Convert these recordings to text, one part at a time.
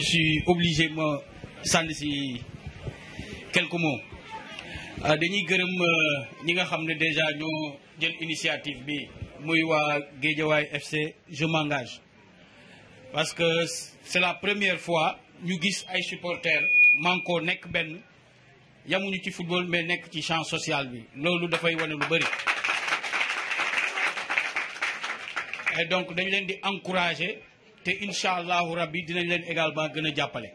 je suis obligé ma sànni si quelques mots euh, dañuy gërëm euh, ñi nga déjà ñoo jël initiative bi muy waa FC je m'engage parce que c'est la première fois nous gis ay supporters manko nek ben, yamuñu ci football mais nek ci champ social bi loolu dafay wane lu et donc nous leen di encourager te incha allahu rabbi dinañ leen également gën a jàppale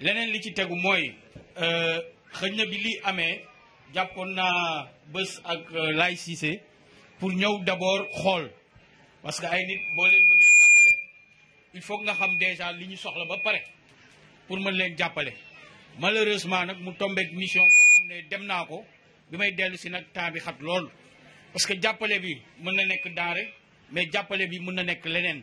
leneen li ci tegu mooy euh, xëy na bi lii amee jàppoon naa bës ak euh, Laay Cissé pour ñëw d'abord xool parce que ay nit boo leen jàppale il faut nga xam déjà li ñu soxla ba pare pour mën leen jàppale malheureusement nag mu tombeek mission boo xam ne dem naa ko bi may dellu si nag temps bi xat lool parce que jàppale bi mën na nekk daare mais jàppale bi mën na nekk leneen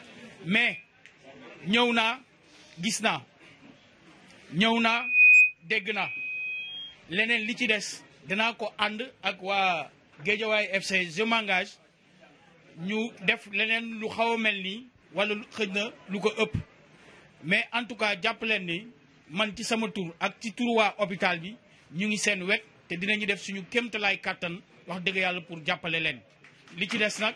mais ñëw naa gis naa ñëw naa dégg naa leneen li ci des danaa ko ànd ak waa Guédiawaye FC je ñu def leneen lu xaw a mel nii wala xëj na lu ko ëpp mais en tout cas jàpp leen ni man ci sama tur ak ci tur waa hôpital bi ñu ngi seen wet te dinañu def suñu kéemtalaay kàttan wax dëgg yàlla pour jàppale leen li ci des nag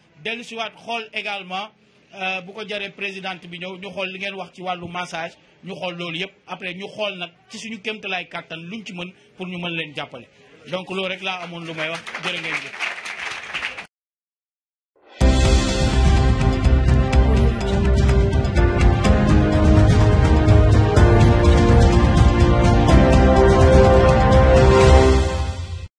Dès le soir, également euh, bu ko beaucoup présidente bi ñu xol li ngeen wax ci walu massage ñu xol après ñu xol nak ci suñu luñ ci pour ñu leen donc lool rek la amone lu may wax remercie.